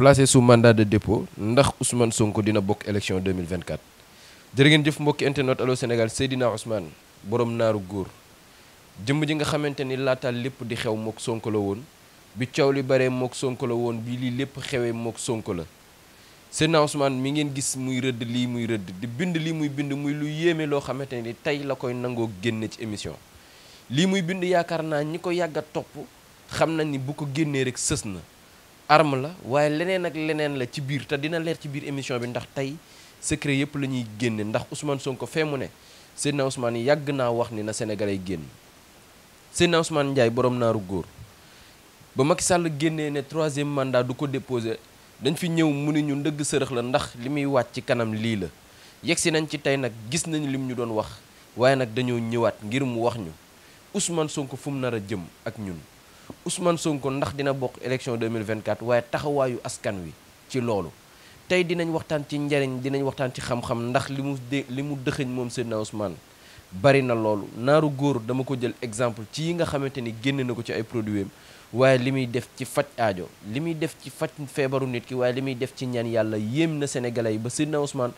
placé sous mandat de dépôt ndax Ousmane sonk dina bokk élection 2024 jërë ngeen jëf mbokki internet Allô Sénégal Seydina Ousmane boroom naaru góor jëmm ji nga xamante ni laataal lépp di xew mook Sonko la woon bi coow li baree mook Sonko la woon bi lii lépp xewee mook Sonko la Seydina Ousmane mi ngeen gis muy rëdd lii muy rëdd di bind lii muy bind muy lu yéeme loo xamante ni tey la koy nangoo génne ci émission lii muy bind yaakaar naa ñi ko yàgg topp xam nañ ni bu ko génnee rek sës na arm la waaye leneen ak leneen la ci biir te dina leer ci biir émission bi ndax tey secret yëpp la ñuy génne ndax Ousmane Sonko fee mu ne Seydina Ousmane yàgg naa wax ni na Sénégalais yi génn Seydina Ousmane Ndiaye boroom naaru góor ba mag sàll génnee ne troisième mandat du ko déposé dañ fi ñëw mu ne ñu ndëgg sërëx la ndax li muy wàcc ci kanam lii la yegsi nañ ci tey nag gis nañ lim ñu doon wax waaye nag dañoo ñëwaat ngir mu wax ñu Ousmane Sonko fu mu nar a jëm ak ñun. Ousmane sonkon ndax dina bokk élection 2024 waaye taxawaayu askan wi ci loolu tey dinañ waxtaan ci njariñ dinañ waxtaan ci xam-xam ndax li mu de li mu dëxëñ moom Seydina Ousmane bari na loolu naaru góor dama ko jël exemple ci yi nga xamante ni génn na ko ci ay produit am waaye li muy def ci faj aajo li muy def ci faj feebaru nit ki waaye li def ci ñaan yàlla yéem na sénégalais yi ba Seydina Ousmane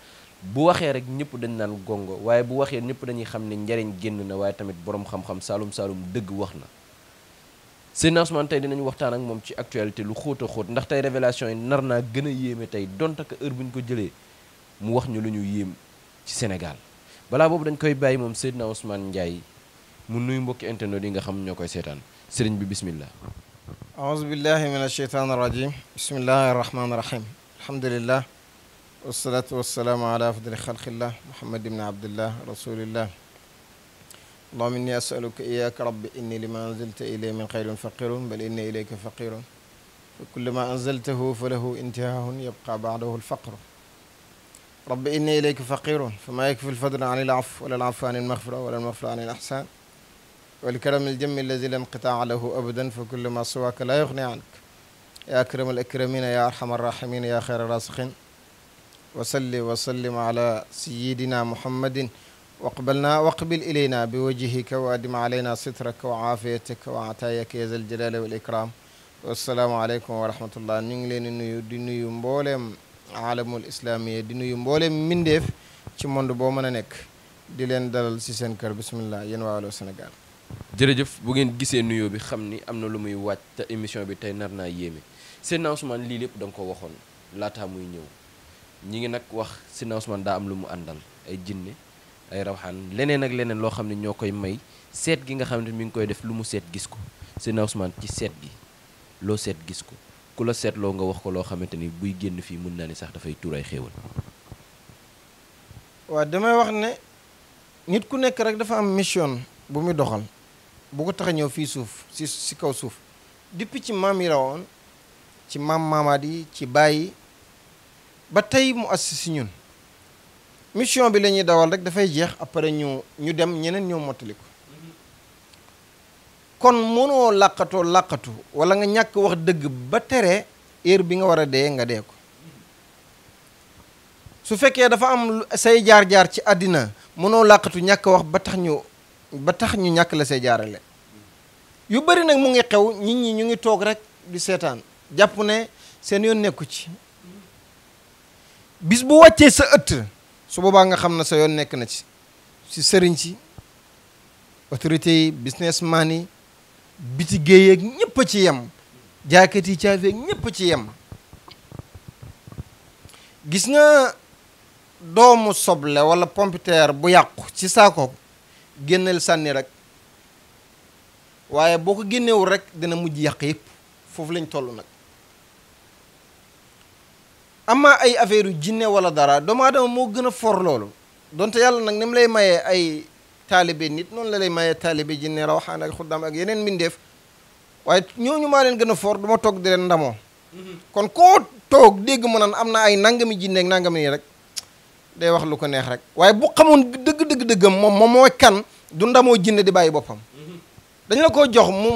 bu waxee rek ñëpp dañ naan gongo waaye bu waxee ñëpp dañuy xam ne njariñ génn na waaye tamit boroom xam-xam saalum dëgg wax na Seydina Ousmane tey dinañu waxtaan ak moom ci actualité lu xóot xóot ndax tey révélation yi nar naa gën a yéeme tey donte que heure bu ñu ko jëlee mu wax ñu lu ñu yéem ci Sénégal balaa boobu dañ koy bàyyi moom na Ousmane Ndiaye mu nuyu mbokki internet yi nga xam ñoo koy seetaan sëriñ bi bismillah aouzu billahi min asheytan irajim bismillahi arrahmani irahim alhamdulillah wasalaatu wasalaamu ala afdali xalqillah muhammad ibni abdillah rasulillah اللهم إني أسألك إياك رب إني لما أنزلت إلي من خير فقير بل إني إليك فقير فكل ما أنزلته فله انتهاء يبقى بعده الفقر رب إني إليك فقير فما يكفي الفضل عن العفو ولا العفو عن المغفرة ولا المغفرة عن الإحسان والكرم الجم الذي لا انقطاع له أبدا فكل ما سواك لا يغني عنك يا أكرم الأكرمين يا أرحم الراحمين يا خير الراسخين وصلي وسلم على سيدنا محمد waqbalna waqbil ilayna bi wajhika wa adim alayna sitraka wa aafiyataka wa atayaka ya zal jalali wal ikram wassalaamu aleykum wa rahmatullah ñu ngi leen di nuyu di nuyu mbooleem aalamul di nuyu mbooleem mbindeef ci monde boo mën a nekk di leen dalal si seen kër bismillah yéen waa Allô jërëjëf bu ngeen gisee nuyoo bi xam ni am na lu muy wàcc te émission bi tey nar naa yéeme seen Ousmane lii lépp danga nga ko waxoon laataa muy ñëw ñi ngi nag wax seen Ousmane daa am lu mu àndal ay jinne ay rawxaan leneen ak leneen loo xam ne ñoo koy may seet gi nga xam ne mi ngi koy def lu mu seet gis ko Seydina Ousmane ci seet gi loo seet gis ko ku la seetloo nga wax ko loo xamante ni buy génn fii mun naa ni sax dafay tuur ay waa waaw damay wax ne nit ku nekk rek dafa am mission bu muy doxal bu ko tax ñëw fii suuf si si kaw suuf depuis ci maam yi rawoon ci maam maamaat yi ci bàyyi ba tey mu ass si ñun mission bi la ñuy dawal rek dafay jeex après ñu ñu dem ñeneen ñoo mottali ko kon mënoo làqatoo làqatu wala nga ñàkk wax dëgg ba tere heure bi nga war a dee nga dee ko su fekkee dafa am say jaar-jaar ci àddina mënoo làqatu ñàkk wax ba tax ñu ba tax ñu ñàkk la say jaarale yu bëri nag mu ngi xew nit ñi ñu ngi toog rek di seetaan jàpp ne seen yoon nekku ci bis bu wàccee sa ëtt su boobaa nga xam na sa yoon nekk na ci si sëriñ ci autorité yi businessman yi bitigéey yeeg ñëpp a ci yem jaaykat yi caafe yeeg ñëpp ci yem gis nga doomu soble wala pompiteer bu yàqu ci saako génneel sànni rek waaye boo ko génnewul rek dina mujj yàq yëpp foofu lañ toll nag amma ay affaire yu jinne wala dara doomu aadama moo gën a foor loolu donte yàlla nag ni mu lay mayee ay taalibe nit noonu la lay mayee taalibe jinne rawaxaan ak xuddaam ak yeneen mbindeef waaye ñooñu maa leen gën a foor du ma toog di leen ndamoo mm-hmm. kon koo toog dégg mu naan am na ay nangami jinne ak nangami nii rek day wax lu ko neex rek waaye bu xamoon dëgg dëgg dëggam moom mooy kan du ndamoo jinne di bàyyi boppam mm-hmm. dañ la ko jox mu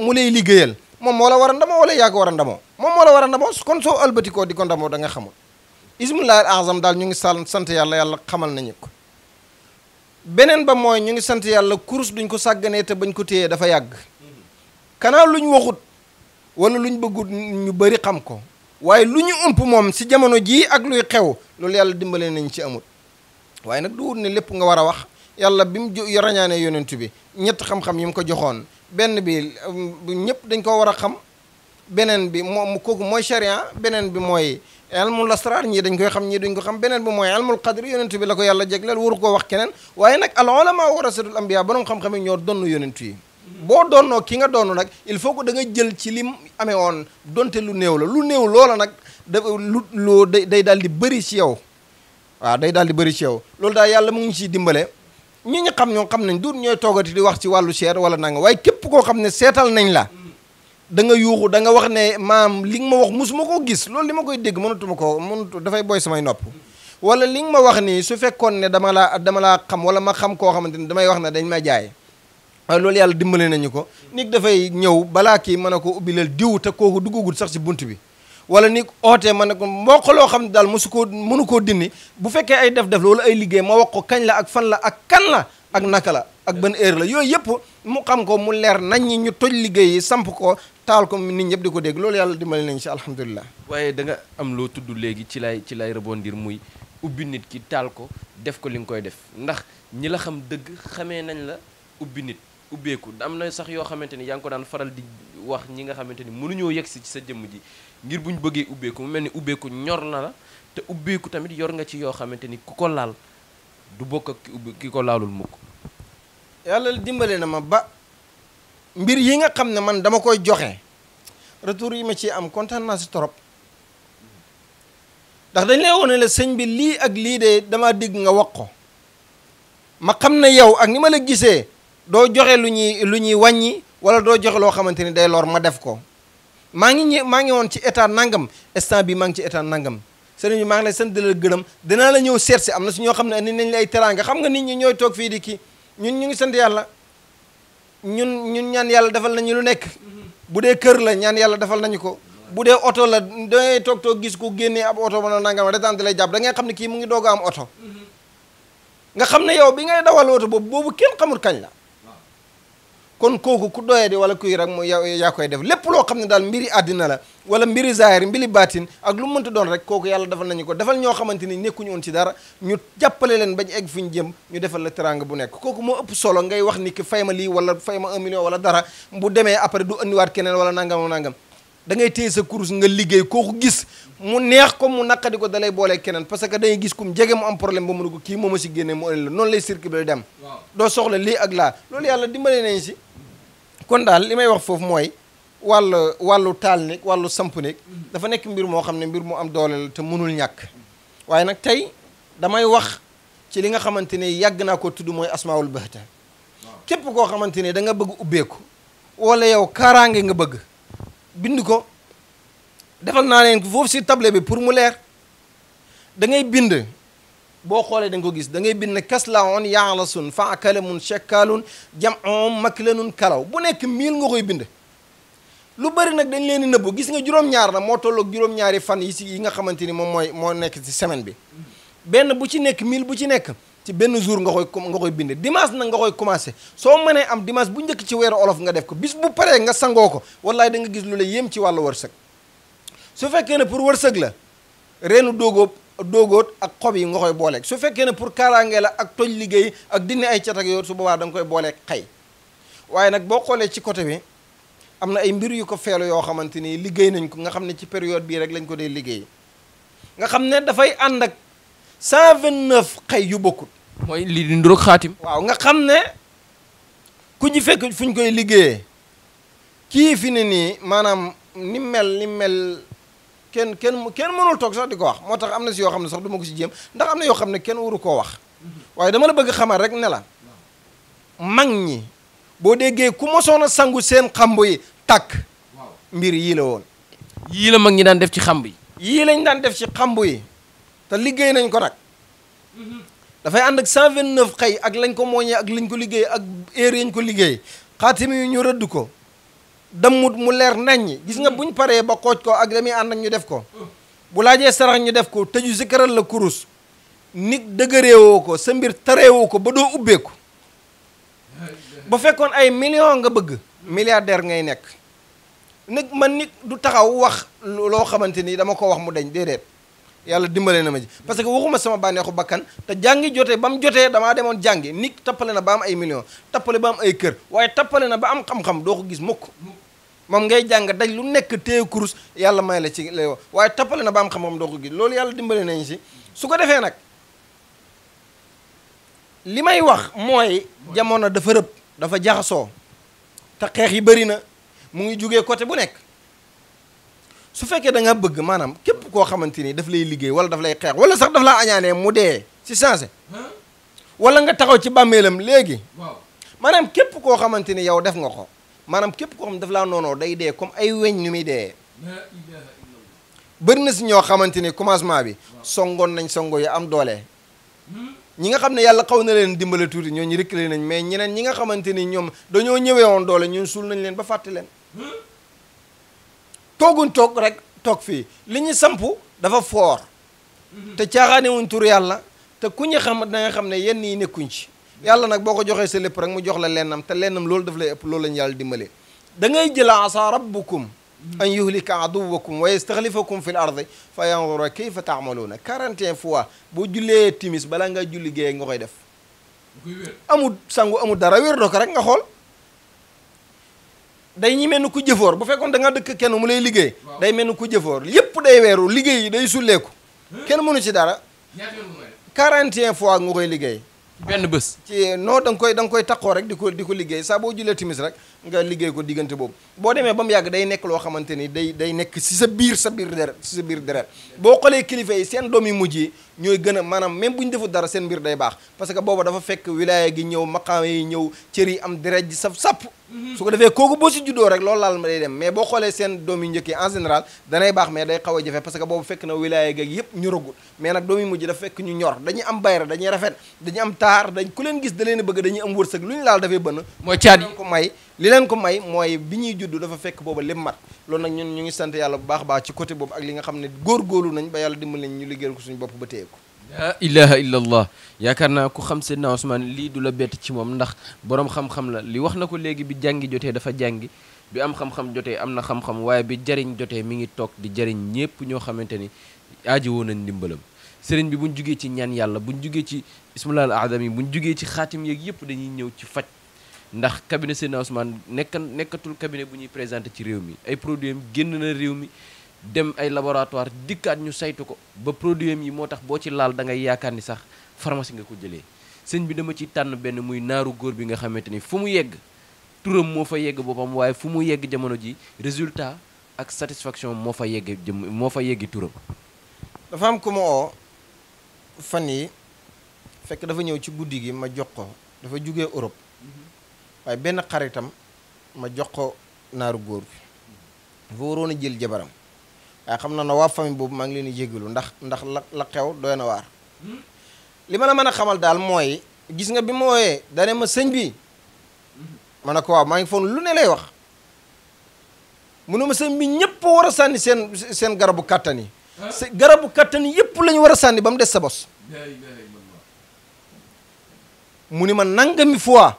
mu lay liggéeyal moom moo la war a ndamoo wala yaa ko war a ndamoo moom moo la war a ndamoo kon soo albatikoo di ko ndamoo da nga xamul ismullahi azam daal ñu ngi sal sant yàlla yàlla xamal nañu ko beneen ba mooy ñu ngi sant yàlla kurus duñ ko sàgganee te bañ ko téyee dafa yàgg kanaa luñ waxut wala luñ bëggut ñu bari xam ko waaye lu ñu ëmp moom si jamono jii ak luy xew loolu yàlla dimbalee nañu ci amut waaye nag du wut ne lépp nga war a wax yàlla bi mu rañaanee yonentu bi ñett xam-xam yi mu ko joxoon benn bi ñëpp dañ koo war a xam beneen bi moom kooku mooy sharia beneen bi mooy elmul asrar ñii dañ koy xam ñii dañ ko xam beneen bi mooy elmul qadri yonentu bi la ko yàlla jegleel waru koo wax keneen waaye nag al ulama warasatul anbiya borom xam-xam yi ñoo donn yonentu yi boo doonnoo ki nga doon nag il faut que da jël ci lim amee woon donte lu néew la lu néew loola nag da lu loo day daal di bëri ci yow waa day daal di bëri ci yow loolu daal yàlla mu ngi ciy dimbale ñi ñu xam ñoo xam nañ du ñooy toogati di wax ci wàllu cher wala nanga waaye képp koo xam ne seetal nañ la da nga yuuxu danga wax ne maam li nga ma wax musuma koo gis loolu li ma koy dégg mënatuma ko mënatu dafay booy samay nopp wala li nga ma wax nii su fekkoon ne dama laa dama laa xam wala ma xam koo xamante ne damay wax ne dañ ma jaay waaye loolu yàlla dimbale nañu ko nit dafay ñëw balaa kii mën a ko ubbilal diw te kooku duggagul sax ci bunt bi wala ni ootee ma ne ko mboq loo xam ne daal mosu koo mënu koo dindi bu fekkee ay def-def la ay liggéey ma wax ko kañ la ak fan la ak kan la ak naka la ak ban heure la yooyu yëpp mu xam ko mu leer nañ ñi ñu toj liggéey yi samp ko taal ko nit ñëpp di ko dégg loolu yàlla dimbali nañ si alhamdulilah. waaye da nga am loo tudd léegi ci lay ci lay rebondir muy ubbi nit ki taal ko def ko li nga koy def ndax ñi la xam dëgg xamee nañ la ubbi nit. ubbeeku am na sax yoo xamante ni yaa ngi ko daan faral di wax ñi nga xamante ni mënuñoo yegsi ci sa jëmm ji ngir buñ bëggee ubbeeku mel ni ubbeeku ñor na la te ubbeeku tamit yor nga ci yoo xamante ni ku ko laal du bokk ak ki ubbi ki ko dimbale na ma ba mbir yi nga xam ne man dama koy joxe retour yi ma ci am kontaan naa si torop ndax dañ lay wone la sëñ bi lii ak lii de dama dégg nga wax ko ma xam ne yow ak ni ma la gisee doo joxe lu ñuy lu ñuy wàññi wala doo joxe loo xamante ni day loor ma def ko maa ngi ñë maa ngi woon ci état nangam instant bi maa ngi ci état nangam sëriñ bi maa ngi lay gërëm dinaa la ñëw seet si am na si ñoo xam ne indi nañ la ay teraanga nga nit ñi ñooy toog fii di kii ñun ñu ngi sant yàlla ñun ñun ñaan yàlla defal nañu lu nekk bu dee kër la ñaan yàlla defal nañu ko bu dee oto la dangay toog toog gis ku génnee ab oto ba nangam retente lay jàpp da ngay xam ne kii mu ngi doog am oto nga xam ne yow bi ngay dawal oto boobu boobu kenn xamul kañ la kon kooku ku doye di wala kuy rek mu yaa koy def lépp loo xam ne daal mbiri àddina la wala mbiri zahir mbiri baatin ak lu mënta doon rek kooku yàlla defal nañu ko defal ñoo xamante ni nekkuñu woon ci dara ñu jàppale leen bañ egg fu ñu jëm ñu defal la teranga bu nekk kooku moo ëpp solo ngay wax ni ki fay ma lii wala fay ma un million wala dara bu demee après du andiwaat keneen wala nangam nangam da ngay téye sa course nga liggéey kooku gis mu neex ko mu naqadi ko dalay boolee keneen parce que dañuy gis kum jege mu am problème kon daal li may wax foofu mooy wàllu wàllu taal nekk wàllu samp nekk dafa nekk mbir moo xam ne mbir mu am doole la te mënul ñàkk waaye nag tey damay wax ci li nga xamante ne yàgg naa ko tudd mooy asmaawul bahta képp koo xamante ne da bëgg ubbeeku walla yow kaaraange nga bëgg bind ko defal naa leen foofu si table bi pour mu leer dangay bind boo xoolee da nga ko gis da ngay bind kaslaon yaalasun fa kalamun chekkaalun jamoom maklanun kalaw bu nekk miil nga koy bind lu bari nag dañ leen di nëbbu gis nga juróom-ñaar la moo tolloog juróom-ñaari fan yi si yi nga xamante ni moom mooy moo nekk ci semaine bi benn bu ci nekk mille bu ci nekk ci benn jour nga koy nga koy bind dimanche nag nga koy commencé soo mënee am dimanche bu njëkk ci weeru olof nga def ko bis bu paree nga sangoo ko wallaay da nga gis lu la yéem ci wàllu wërsëg fekkee ne pour wërsëg la reenu doogóob doogoot ak xob yi nga koy booleeg su fekkee ne pour kaaraange la ak toj liggéey ak dindi ay cat ak su boobaa da nga koy booleeg xay waaye nag boo xoolee ci côté wi am na ay mbir yu ko feelu yoo xamante ni liggéey nañ ko nga xam ne ci période bii rek lañ ko dee liggéey nga xam ne dafay ànd ak 129 xay yu bokkut. mooy lii di nduróog xaatim. waaw nga xam ne ku ñu fekk fu ñu koy liggéeyee kii fi ne nii maanaam ni mel ni mel. kenn kenn kenn mënul toog sax di ko wax moo tax am na si yoo xam ne sax du ma ko si jéem ndax am na yoo xam ne kenn waru ko wax waaye dama la bëgg xamal rek ne la mag ñi boo déggee ku mosoon a sangu seen xamb yi takk mbir yii la woon yii la mag ñi daan def ci xamb yi yii lañ daan def ci xamb yi te liggéey nañ ko nag dafay ànd ak 129 xëy ak lañ ko mooñee ak lañ ko liggéey ak heure yañ ko liggéey xaatim yu ñu rëdd ko dammut mu leer naññi gis nga mm. buñ paree ba kooj ko ak damuy ànd ak ñu def ko bu laajee sarax ñu def ko tëju zikaral la kurus nit dëgëreewoo ko sa mbir tareewoo ko ba doo ubbeeku ba fekkoon ay million nga bëgg milliardaire ngay nekk nag man nit du taxaw wax loo xamante ni dama ko wax mu dañ déedéet yàlla dimbale na ma ji parce que waxuma sama bànneexu bàkkan te jàngi jotee ba mu jotee damaa demoon jàngi nit tappale na ba am ay million tappale ba ay kër waaye tappale na ba am xam doo ko gis mukk moom ngay jàng daj lu nekk téye kurus yàlla may la ci lay wax waaye na ba am xam-xam doo ko gi si su ko defee nag li may wax mooy jamono dafa rëb dafa jaxasoo te xeex yi bëri na mu ngi jugee côté bu nekk su fekkee da nga bëgg maanaam képp koo xamante ni daf lay liggéey wala daf lay xeex wala sax daf laa añaanee mu dee si changé wala nga taxaw ci bàmmeelam léegi maanaam képp koo xamante ni yow def nga ko maanaam képp koo xam daf laa noonoo day dee comme ay weñ ni muy dee bëri na si ñoo xamante ni commencement bi songoon nañ songo yu am doole hmm? ñi nga xam ne yàlla xaw na leen dimbale tuuti ñoo ñu reculé nañ mais ñeneen ñi nga xamante ni ñoom dañoo ñëwee woon doole ñun suul nañ leen ba fàtte leen hmm? tooguñ toog rek toog fii li ñu sampu dafa foor hmm. te caaxaane wuñ tur yàlla te ku ñu xam da xam ne yenn yi nekkuñ ci yàlla nag boo ko joxee sa lépp rek mu jox la lennam te lennam loolu daf lay ëpp loolu lañu yàlla dimbalee da ngay jël asa rabbukum an yuhlika aduwakum wa yastaxlifakum fi l ardi fa yandura kayfa taamaluuna 41 boo jullee timis balaa nga julli géeye nga koy def amul amul dara wér doo rek nga xool day ñi mel ni ku jëfoor bu fekkoon da dëkk kenn mu lay liggéey day mel ni ku jëfoor yépp day weeru liggéey day sulleeku kenn mënu ci dara 41 fois nga koy liggéey benn bés. ci non da koy danga koy taxoo rek di ko di ko liggéey saa boo jullee timis rek. nga liggéey ko diggante boobu boo demee ba mu yàgg day nekk loo xamante ni day day nekk si sa biir sa biir deret si sa biir deret boo xoolee kilifa yi seen doom yu mujj yi ñooy gën a maanaam même bu ñu defu dara seen mbir day baax parce que booba dafa fekk wilaya gi ñëw maqaam yi ñëw cër mhm. kooku boo si juddoo rek loolu laal ma mais boo xoolee seen doom yu njëkk yi en général danay baax mais a jafe parce que boobu fekk na wilaya gi yëpp ñoragul mais nag doom dafa fekk ñu ñor dañuy am bayra dañuy rafet dañuy am taar dañ ku leen gis da leen bëgg dañuy am wërsëg lu ñu laal dafay bënn mooy caat yi ko may li leen ko may mooy bi ñuy judd dafa fekk booba lem mat lool nag ñun ñu ngi sant yàlla bu baax baax ci côté boobu ak li nga xam ne góorgóorlu nañ ba yàlla dimbali nañ ñu liggéeyal ko suñu bopp ba téye ko laa ilaha illa yaakaar naa ku xam Seydina Ousmane lii du la bett ci moom ndax boroom xam la li wax na ko léegi bi jàngi jotee dafa jàngi bi am xam jotee am na xam waaye bi jariñ jotee mi ngi toog di jariñ ñépp ñoo xamante ni aaji woon nañ ndimbalam sëriñ bi buñ jugee ci ñaan yàlla bu buñ jugee ci ismilal adam yi ñu jugee ci xaatim yeeg yëpp dañuy ñëw ci faj ndax cabinet Seydina Ousmane nekk nekkatul cabinet bu ñuy présenté ci réew mi ay produit génn na réew mi dem ay laboratoire dikkaat ñu saytu ko ba produit yi moo tax boo ci laal dangay yaakaar ni sax pharmacie nga ko jëlee sëñ bi dama ci tànn benn muy naaru góor bi nga xamante ni fu mu yegg turam moo fa yegg boppam waaye fu mu yegg jamono ji résultat ak satisfaction moo fa yegg jëm moo fa yeggi turam dafa am ku ma oo fan yi fekk dafa ñëw ci guddi gi ma jox ko dafa jugee Europe mhm. waaye benn xaritam ma jox ko naaru góor bi fa waroon a jël jabaram waaye xam na na waa famille boobu maa ngi leen di jégalu ndax ndax la la xew doy na waar hmm? li ma la mën a xamal daal mooy gis nga bi ma wooyee dane ma sëñ bi hmm. ma ne ko waaw maa ngi foon lu ne lay wax mu ne ma sëñ bi ñëpp war a sànni seen seen garabu kàttan yi garabu kàttan yëpp la ñu war a sànni ba mu des sa bos mu ni ma nangami fois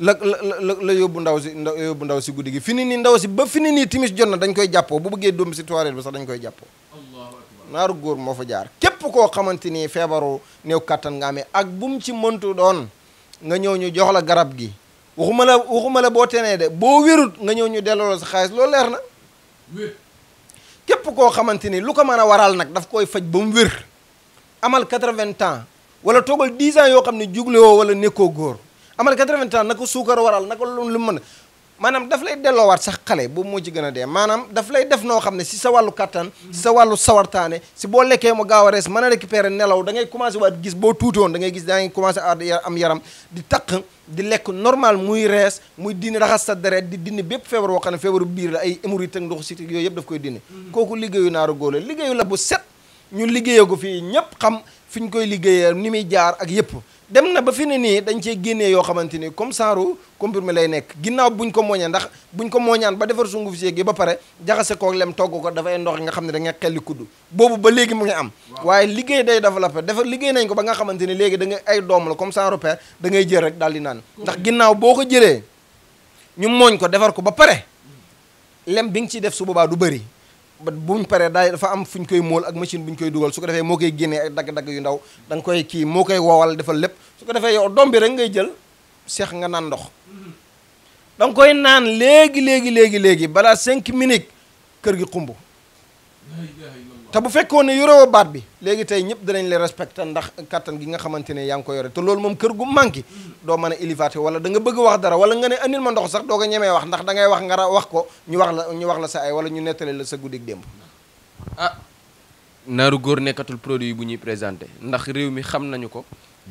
la la la yóbbu ndaw si ndaw yóbbu ndaw si guddi gi fi ni ndaw si ba fi ni nii timis jot na dañ koy jàppoo bu bëggee dóom si toilette bi sax dañ koy jàppoo naaru góor moo fa jaar képp koo xamante ni feebaru néew kàttan nga amee ak bu mu ci mëntu doon nga ñëw ñu jox la garab gi waxuma la waxuma la boo tenee de boo wérut nga ñëw ñu delloo sa xaalis loolu leer na képp koo xamante ni lu ko mën a waral nag daf koy faj ba mu wér amal quatre-vingts ans wala toogal dix ans yoo xam ne juglewoo wala nekkoo góor amal 80 ans naka suukar waral naka lu mën maanaam daf lay delloowaat sax xale boobu moo ci gën a dee maanaam daf lay def noo xam ne si sa wàllu kattan si sa wàllu sawartaane si boo lekkee mu gaaw a rees mën a récupérer nelaw dangay ngay commencé waat gis boo tuutoon da ngay gis da ngay commencé am yaram di taq di lekk normal muy rees muy dindi raxas sa deret di dindi bépp feebar boo xam ne feebaru biir la ay hémorroïdes ak ndoxu siti yooyu yëpp daf koy dindi mm-hmm. liggéeyu naaru góor la la bu set ñu liggéeyee ko fii ñëpp xam fi ñu koy liggéeyee ni muy jaar ak yëpp dem na ba fi ne nii dañ cee génnee yoo xamante ni comme saaru comprimé lay nekk ginnaaw buñ ko mooñee ndax buñ ko mooñaan ba defar sunguf si gi ba pare jaxase koog lem togg ko dafay ndox nga xam ne da nga xelli kudd boobu ba léegi mu ngi am waaye liggéey day développé defar liggéey nañ ko ba nga xamante ni léegi da ay doom la comme saaru per dangay ngay jël rek daal di naan ndax mm. ginnaaw boo ko jëlee ñu mooñ ko defar ko ba pare lem bi nga ciy def su boobaa du bëri buñ paree daay dafa am fuñ koy móol ak machine bu ñu koy dugal su ko defee moo koy génnee ak dagg-dagg yu ndaw danga koy kii moo koy woowal defal lépp su ko defee yow doom bi rek ngay jël seex nga naan ndox da koy naan léegi léegi léegi léegi balaa cinq minutes kër gi xumb te bu fekkoon ne yorewoo baat bi léegi tey ñëpp danañ la respecté ndax kàttan gi nga xamante ne yaa ngi ko yore te loolu moom kër gu manqué doo mën a élivaate wala da nga bëgg wax dara wala nga ne andil ma ndox sax doo ko ñemee wax ndax da wax nga wax ko ñu wax la ñu wax la sa ay wala ñu nettali la sa guddig démb ah naaru góor nekkatul produit bu ñuy présenté ndax réew mi xam nañu ko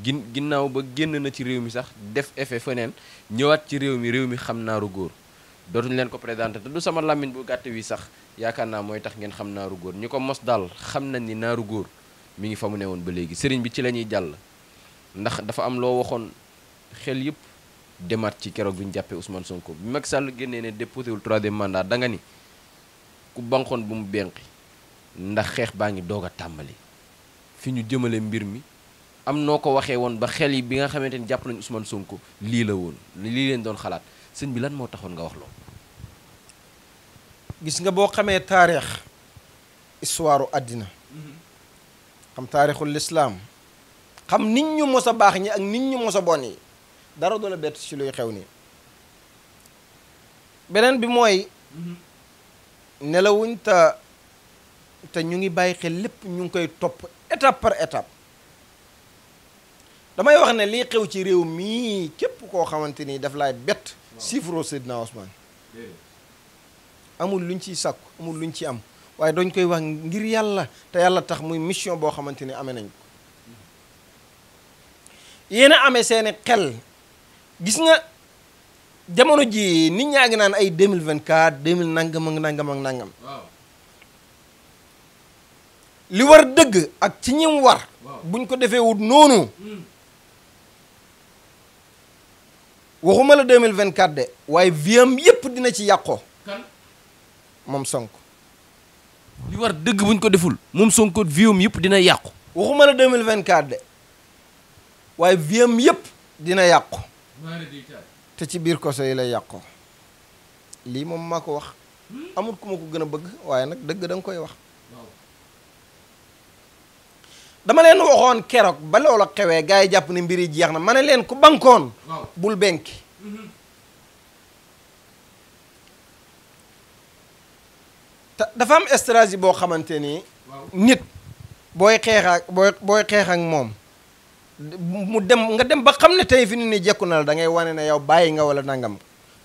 gin ginnaaw ba génn na ci réew mi sax def effet feneen ñëwaat ci réew mi réew mi xam naaru góor dootuñu leen ko présenté te du sama làmmiñ bu gàtt wi sax yaakaar naa mooy tax ngeen xam naaru góor ñi ko mos daal xam nañ ni naaru góor mi ngi fa mu ne woon ba léegi sëriñ bi ci lañuy jàll ndax dafa am loo waxoon xel yëpp demaat ci keroog bi ñu jàppee Ousmane Sonko bi mag Sall génnee ne déposé wul troisième mandat da ni ku banqoon bu mu benqi ndax xeex baa ngi doog a tàmbali fi ñu jëmale mbir mi am noo ko waxee woon ba xel yi bi nga xamante ni jàpp nañu Ousmane Sonko lii la woon lii leen doon xalaat sëñ bi lan moo taxoon nga wax loo gis nga boo xamee taarix histoire àddina mm-hmm. xam taarixul lislaam xam nit ñu mos a baax ñi ak nit ñu mos a bon yi dara du la bett ci luy xew nii beneen bi mooy mm-hmm. nelawuñ te te ñu ngi bàyyi xel lépp ñu ngi koy topp étape par étape damay wax ne lii xew ci réew mii képp koo xamante ni daf laay bett sifro Seydina Ousmane amul luñ ciy sàkku amul luñ ci am waaye dañ koy wax ngir yàlla te yàlla tax muy mission boo xamante ni amee nañ ko yéen a amee seeni xel gis nga jamono ji nit ñaa ngi naan ay 2024 2000 nangam ak nangam ak nangam li war dëgg ak ci ñim war buñ ko defee wut noonu hmm. waxuma la 2024 de waaye viam yépp dina ci yàqoo moom Sonko li war dëgg buñ ko deful moom Sonko viam yëpp dina yàqu waxuma la 2024 de waaye viam yépp dina yàqu te ci biir koso yi la yàqoo lii moom maa ko wax hmm? amul ku ma ko gën a bëgg waaye nag dëgg danga koy wax dama leen waxoon keroog ba xewee gars yi jàpp ne mbir yi jeex na ma ne leen ku bankoon bul benki dafa am stratégie boo xamante ni nit booy xeex ak booy booy moom mu dem nga dem ba xam ne tey fi ni ni jekku na la ngay wane ne yow bàyyi nga wala nangam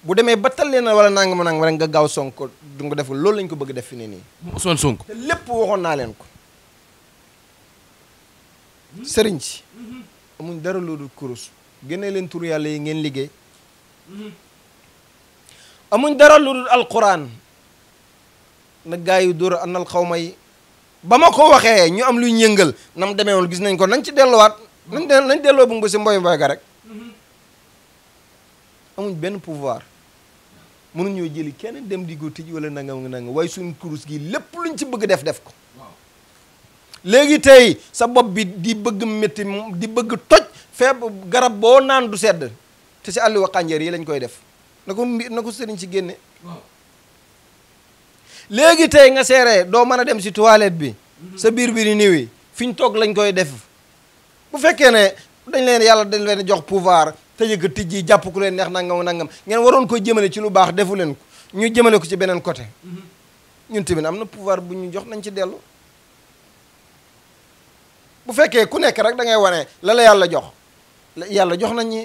bu demee ba tal leen wala nangam nangam rek nga gaaw sonko du deful loolu lañ ko bëgg def fi ne nii lépp waxoon naa leen ko sëriñ si amuñ dara loolu kurus génne leen tur yàlla yi ngeen liggéey amuñ dara lu dul alquran na gaa yi dóor anal xaw ma yi ba ma ko waxee ñu am luy yëngal nam demeewul gis nañ ko nañ ci delluwaat nañ de nañ delloo bu ngi si mboy mboy ga rek amuñ benn pouvoir mënuñoo jëli kenn dem di ko tëj wala nangam nangam waaye suñu kurus gi lépp lu ñu ci bëgg def def ko léegi tey sa bopp bi di bëgg métti di bëgg toj feeb garab boo naan du sedd te si àlli wa yi lañ koy def na ko mbi na ko sëriñ si génne léegi tey nga seere doo mën a dem si toilette bi sa biir bi di niwi fi ñu toog lañ koy def bu fekkee ne dañ leen yàlla dañ leen jox pouvoir tëjee ko tijji jàpp ku leen neex nangam nangam ngeen waroon koy jëmale ci lu baax defu leen ñu jëmale ko ci beneen côté mhm. ñun tamit am na pouvoir bu ñu jox nañ ci dellu bu fekkee ku nekk rek da ngay wane la la yàlla jox yàlla jox nañ ñi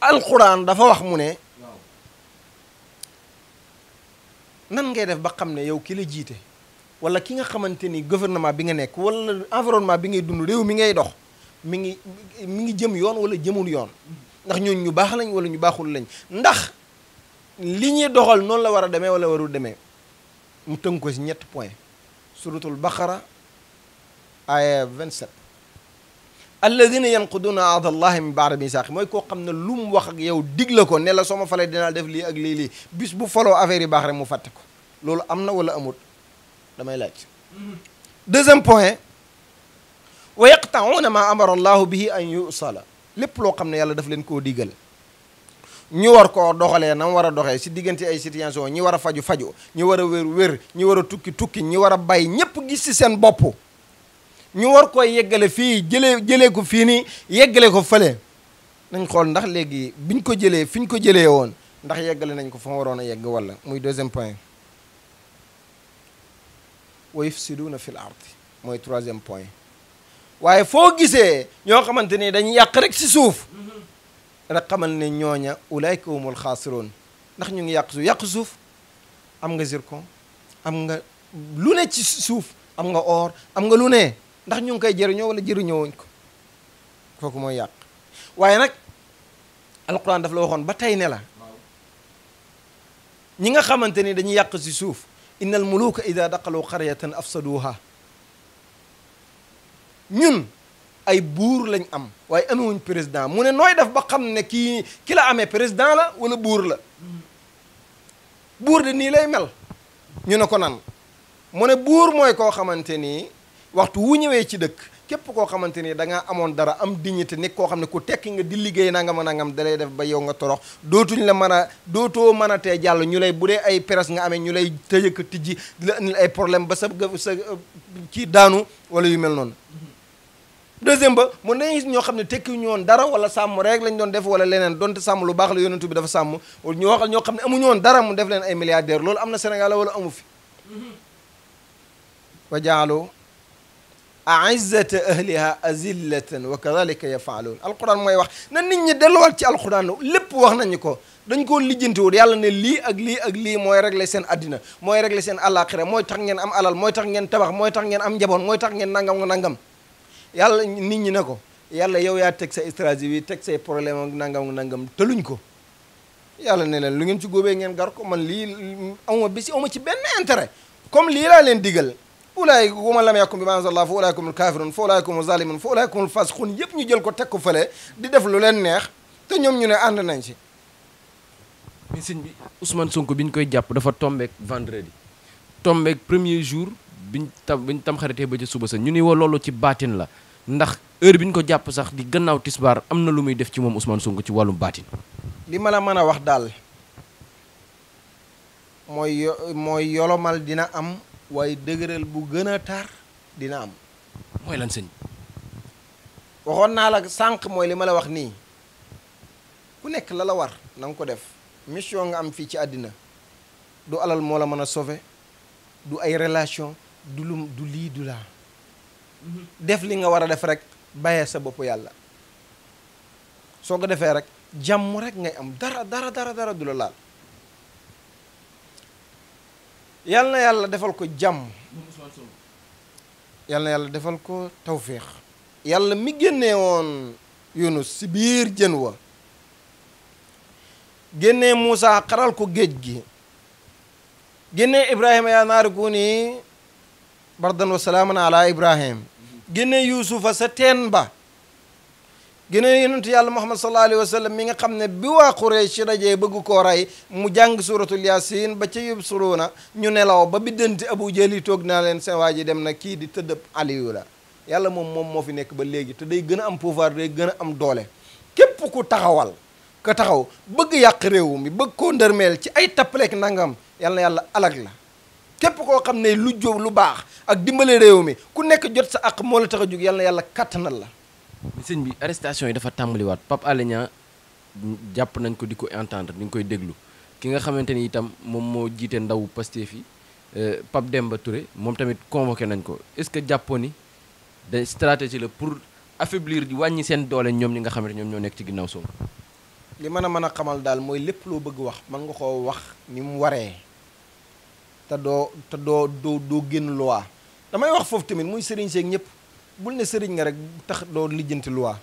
alxuraan dafa wax mu ne nan ngay def ba xam ne yow ki la jiite wala ki nga xamante ni gouvernement bi nga nekk wala environnement bi ngay dund réew mi ngay dox mi ngi mi ngi jëm yoon wala jëmul yoon ndax ñun ñu baax lañ wala ñu baaxul lañ ndax li ñuy doxal noonu la war a demee wala warul demee mu tënk ko ci ñett point suratul baqara aaya 27 alladina yanquduuna ahda allahi min bi misaaqi mooy koo xam ne lu mu wax ak yow digla ko ne la soo ma falee dinaa def lii ak lii lii bis bu faloo affaire yi baax rek mu fàtte ko loolu am na wala amut damay laaj deuxième point wa yaqta'uuna maa amara allahu bihi an yusala lépp loo xam ne yàlla daf leen koo digal ñu war koo doxalee na war a doxee si diggante ay situation ñi war a faju faju ñi war a wér wér ñi war a tukki tukki ñi war a bay ñépp gis si seen bopp ñu war ko yeggale fii jëlee jëlee ko fii nii yeggale ko fale nañ xool ndax léegi biñ ko jëlee fiñ ko jëlee woon ndax yeggale nañ ko fa waroon a yegg wala muy deuxième point wa yufsiduuna fi l ardi mooy troisième point waaye foo gisee ñoo xamante ni dañuy yàq rek si suuf rek xamal ne ñooña ulaayka humul xaasiroon ndax ñu ngi yàq suuf yàq suuf am nga zircon am nga lu ne ci suuf am nga or am nga lu ne ndax ñu ngi koy jëriñoo wala jëriñoo wuñ ko kooku mooy yàq waaye nag alquran daf la waxoon ba tey ne la ñi nga xamante ni dañuy yàq si suuf inna al muluka ida daqalu qaryatan afsaduha ñun ay buur lañ am waaye amewuñ président mu ne nooy def ba xam ne kii ki la amee président la wala buur la buur de nii lay mel ñu ne ko nan mu ne buur mooy koo xamante nii waxtu wu ñëwee ci dëkk képp koo xamante ni da ngaa amoon dara am dignité nekk koo xam ne ku tekki nga di liggéey nangam nangam dalay def ba yow nga torox dootuñ la mën a dootoo mën a tee jàll ñu lay bu dee ay presse nga amee ñu lay tëjëkk tijji di la indil ay problème ba sa sa euh, kii daanu wala yu mel noonu deuxième ba mu ne ñoo xam ne tekki ñu woon dara wala sàmm rek lañ doon def wala leneen donte sàmm lu baax la yonentu bi dafa sàmm ñoo xam ñoo xam ne amuñu woon dara mu def leen ay milliardaire loolu am na Sénégal wala amu fi mm-hmm. wa jaaloo aizzata ahliha azillatan a kadalika yafaaluun alquran mooy wax na nit ñi delluwaat ci alquran lépp wax nañu ko dañ koo lijjantiwul yàlla ne lii ak lii ak lii mooy régler seen addina mooy régler seen àllaaxira mooy tax ngeen am alal mooy tax ngeen tabax mooy tax ngeen am njaboot mooy tax ngeen nangam nga nangam yàlla nit ñi ne ko yàlla yow yaa teg sa stratégie bi teg say problème ak nangam nga nangam tëluñ ko yalla ne leen lu ngeen ci góobee ngeen gar ko man lii am awma bisi awma ci benn intérêt comme lii laa leen digal ulaay wa man lam yakum bi ma anzalallah fa ulaayikum al kafirun fa ulaayikum al zalimun fa ulaayikum al fasiqun yëpp ñu jël ko teg ko fële di def lu leen neex te ñoom ñu ne ànd nañ ci mais sëñ bi Ousmane Sonko bi ñu koy jàpp dafa tombeek vendredi tombeek premier jour biñ tam biñ tam xaritee ba ca suba sa ñu ni woo loolu ci baatin la ndax heure bi ñu ko jàpp sax di gannaaw tisbaar am na lu muy def ci moom Ousmane Sonko ci wàllum baatin li ma la mën a wax daal mooy mooy yolomal dina am waaye dëgëral bu gën a tar dina am. mooy lan sëñ waxoon naa la sànq mooy li ma la wax nii ku nekk la la war na nga ko def mission nga am fii ci àddina du alal moo la mën a sauver du ay relation du lum du lii du laa mhm. def li nga war a def rek bàyyee sa bopp yàlla soo ko defee rek jàmm rek ngay am dara dara dara dara du la laal. yal na yàlla defal ko jàmm yal na defal ko tawféex yàlla mi génnee woon Yunus si biir jën wa génnee Moussa xaral ko géej gi génnee Ibrahima yaa naari kuuni bardan wa salaaman ala Ibrahim mm-hmm. génnee Yuusufa sa teen ba gën a yàlla muhammad sallallahu alayhi wa sallam mi nga xam ne bi waa Quraysh ci rajee bëgg koo rey mu jàng suratul yasin ba ca yub suruna ñu nelaw ba biddanti abu jëli toog naa leen seen waa ji dem na kii di tëddëb aliyu la yàlla moom moom moo fi nekk ba léegi te day gën a am pouvoir day gën a am doole képp ku taxawal ka taxaw bëgg yàq réew mi bëgg koo ndërmeel ci ay tappaleek nangam yàlla yàlla alag la képp koo xam ne lu jóg lu baax ak dimbale réew mi ku nekk jot sa aq moo la tax yàlla yàlla kattanal la sëñ bi arrestation yi dafa tàmbaliwaat pap Alé jàpp nañ ko di ko entendre di nga koy déglu ki nga xamante ni itam moom moo jiite ndaw Pastef yi euh, Pape Demba Touré moom tamit convoqué nañ ko est-ce que jàppoo ni da stratégie la pour affaiblir di wàññi seen doole ñoom ñi nga xamante ñoom ñoo nekk ci ginnaaw Sonko li mën a mën a xamal daal mooy lépp loo bëgg wax man nga koo wax ni mu waree te doo te doo doo doo génn loi damay wax foofu tamit muy sëriñ seeg ñëpp bul ne sëriñ nga rek tax doo lijjanti loi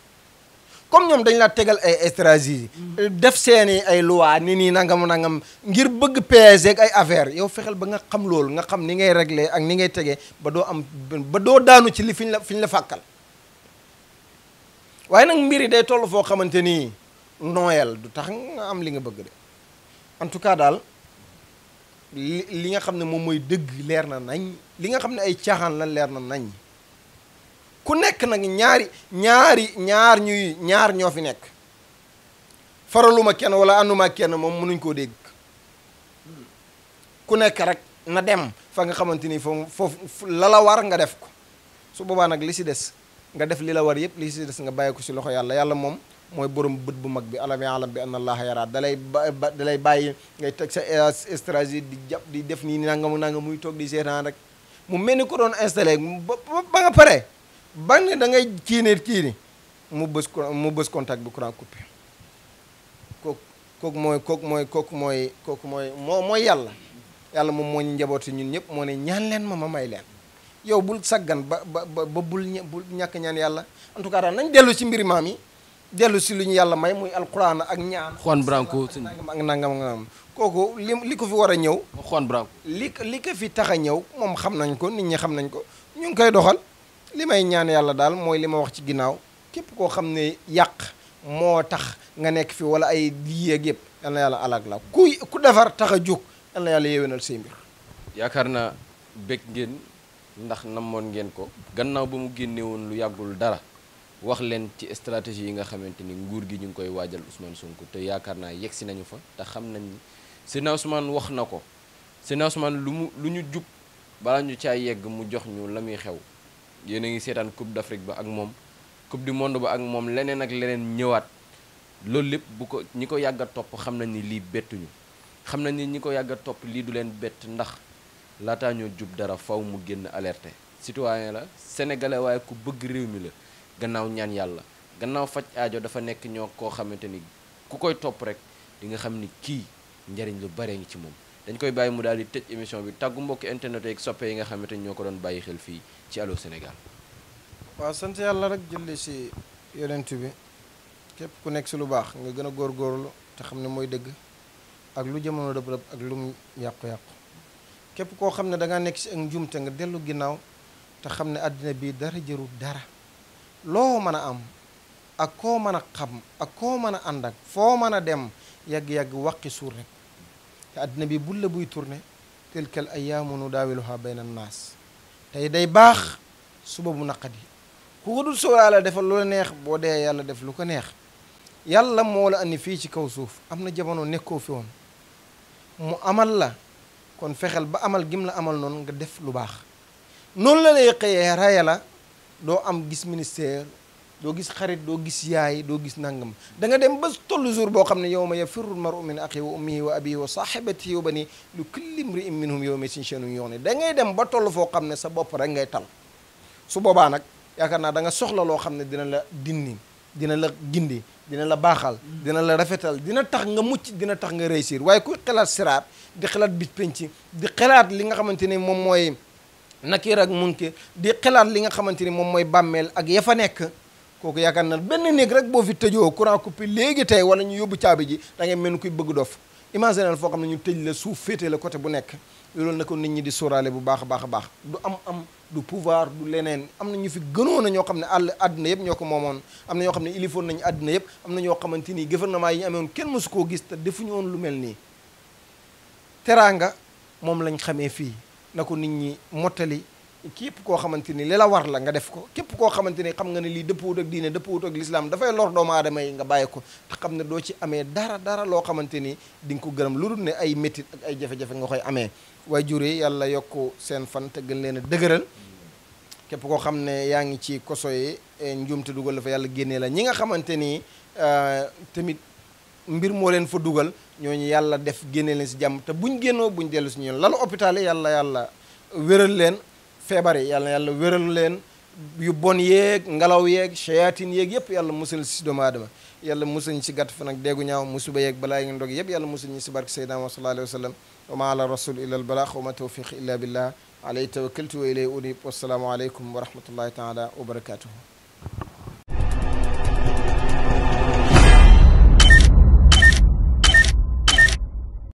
comme ñoom dañ laa tegal ay stratégie def seeni ay loi ni nii mun nangam am ngir bëgg PSG ay affaire yow fexeel ba nga xam loolu nga xam ni ngay regle ak ni ngay tegee ba doo am ba doo daanu ci li fiñ la fi ñu la fàkkal waaye nag mbir yi day toll foo xamante ni nooyal du tax nga am li nga bëgg de en tout cas daal li li nga xam ne moom mooy dëgg leer na nañ li nga xam ne ay caaxaan la leer na nañ ku nekk nag ñaari ñaari ñaar ñuy ñaar ñoo fi nekk faraluma kenn wala ànduma kenn moom mënuñ koo dégg ku nekk rek na dem fa nga xamante ni foofu la la war nga def ko su boobaa nag li si des nga def li la war yëpp li si des nga bàyyi ko si loxo yàlla yàlla moom mooy borom bët bu mag bi alam alam bi anna allaha yara dalay ba dalay bàyyi ngay teg sa eh, stratégie di jàpp di def nii nanga mu nanga muy toog di seetaan rek mu mel ni ko doon installé ba ba nga pare ba ne da ngay ciinir ciini mu bës mu bës contact bi courant coupé kooku mooy kooku mooy kooku mooy kooku mooy moo mooy yàlla yàlla moom moo njaboot njaboote ñun ñëpp moo ne ñaan leen ma ma may leen yow bul sàggan ba ba ba bul bul ñàkk ñaan yàlla en tout cas nañ dellu si mbiri maam yi dellu si lu ñu yàlla may muy alquran ak ñaan. Juan Branco sëñ ak nangam kooku li li ko fi war a ñëw. Juan Branco li ko fi tax a ñëw moom xam nañ ko nit ñi xam nañ ko ñu ngi koy doxal. li may ñaan yàlla daal mooy li ma wax ci ginnaaw képp koo xam ne yàq moo tax nga nekk fi wala ay liyeeg yëpp yal na yàlla alag la ku defar tax a jóg yal na yàlla yéwénal say mbir yaakaar naa bég ngeen ndax namoon ngeen ko gannaaw ba mu génne woon lu yàggul dara wax leen ci stratégie yi nga xamante ni nguur gi ñu ngi koy waajal Ousmane Sonko te yaakaar naa yegg si nañu fa te xam nañ ni Seydina Ousmane wax na ko Seydina Ousmane lu mu lu ñu jub balaa ñu caa yegg mu jox ñu la muy xew yéen a ngi seetaan coupe d'Afrique ba ak moom coupe du monde ba ak moom leneen ak leneen ñëwaat loolu lépp bu ko ñi ko yàgg topp xam nañ ni lii bettuñu xam na ni ñi ko yàgg topp lii du leen bett ndax laataa ñoo jub dara faw mu génn alerte citoyen la sénégalais waaye ku bëgg réew mi la gannaaw ñaan yàlla gannaaw faj aajo dafa nekk ñoo koo xamante ni ku koy topp rek di nga xam ni kii njariñ lu bare ngi ci moom dañ koy bàyyi mu daal di tëj émission bi tàggu mbokki internet yeeg soppe yi nga xamante te ñoo ko doon bàyyi xel fii ci Allô senegal waaw sant yàlla rek jëlli si yonent bi képp ku nekk si lu baax nga gën a góorgóorlu te xam ne mooy dëgg ak lu jamono rëb rëb ak lu mu yàqu-yàqu képp koo xam ne da nekk si ak njuum nga dellu ginnaaw te xam ne àddina bi dara jërul dara loo mën a am ak koo mën a xam ak koo mën a ànd ak foo mën a dem yàgg-yàgg waqi suur rek te àddina bi bul la buy tourné tilkal ayaamu nu daawiluha bayna naas tey day baax suba mu naqadi ku ko dul sóoraale defal lu la neex boo dee yàlla def lu ko neex yàlla moo la andi fii ci kaw suuf am na jamono nekkoo fi woon mu amal la kon fexeel ba amal gim la amal noonu nga def lu baax noonu la lay xëyee raaya la doo am gis ministère doo gis xarit doo gis yaay doo gis nangam da nga dem ba tollu jour boo xam ne yow ma yafirru lmaru min axi wa ummihi wa abihi wa sahibatihi wa nii lu kulli mri'in minhum yow ma sin shenum yox ne da ngay dem ba toll foo xam ne sa bopp rek ngay tal su boobaa nag yaakaar naa da nga soxla loo xam ne dina la dindi dina la gindi dina la baaxal dina la rafetal dina tax nga mucc dina tax nga réussir waaye ku xalaat siraat di xalaat bis penc di xalaat li nga xamante ni moom mooy nakir ak munkir di li nga xamante ni moom mooy bàmmeel ak ya fa nekk kooku yaakaar na benn néeg rek boo fi tëjoo courant coupé léegi tey wala ñu yóbbu caabi ji da ngay mel ni kuy bëgg dof imaginel foo xam ne ñu tëj la suuf féete la côté bu nekk loolu na ko nit ñi di sóoraale bu baax a baax a baax du am am du pouvoir du leneen am na ñu fi gënoon a ñoo xam ne àll àdduna yëpp ñoo ko moomoon am na ñoo xam ne ilifoon nañu àdduna yëpp am na ñoo xamante ni gouvernement yi ñu amoon kenn mësu koo gis te defuñu woon lu mel moom lañ xamee fii na ko nit ñi mottali képp koo xamante ni li la war la nga def ko képp koo xamante ni xam nga ne lii dëppwut ak diine dëppwut ak lislaam dafay lor doomu aadama yi nga bàyyi ko te xam ne doo ci amee dara dara loo xamante ni di nga ko gërëm lu dul ne ay métit ak ay jafe-jafe nga koy amee waaye jure yàlla yokk seen fan te gën leen a dëgëral képp koo xam ne yaa ngi ci koso yi eh, njuumte dugal dafa yàlla génnee la ñi nga xamante ni eh, tamit mbir moo leen fa dugal ñoo ñu yàlla def génne leen si jàmm buñ génnoo buñ dellu si ñun lalu hôpital yàlla yàlla leen feebar yi yàlla yàlla wéral leen yu bon yeeg ngelaw yeeg shayatin yeeg yëpp yàlla musal si doomu aadama yàlla musal ñu si gàtt fan ak déggu ñaaw musiba yeeg balaa yi dog yëpp yàlla musal ñu si barke sayyidina wa sallallahu alayhi wa sallam wa ma ala rasul illa al balaax wa ma tawfiq illa billah alayhi tawakkaltu wa ilayhi unib wassalaamu aleykum wa rahmatullahi taala wa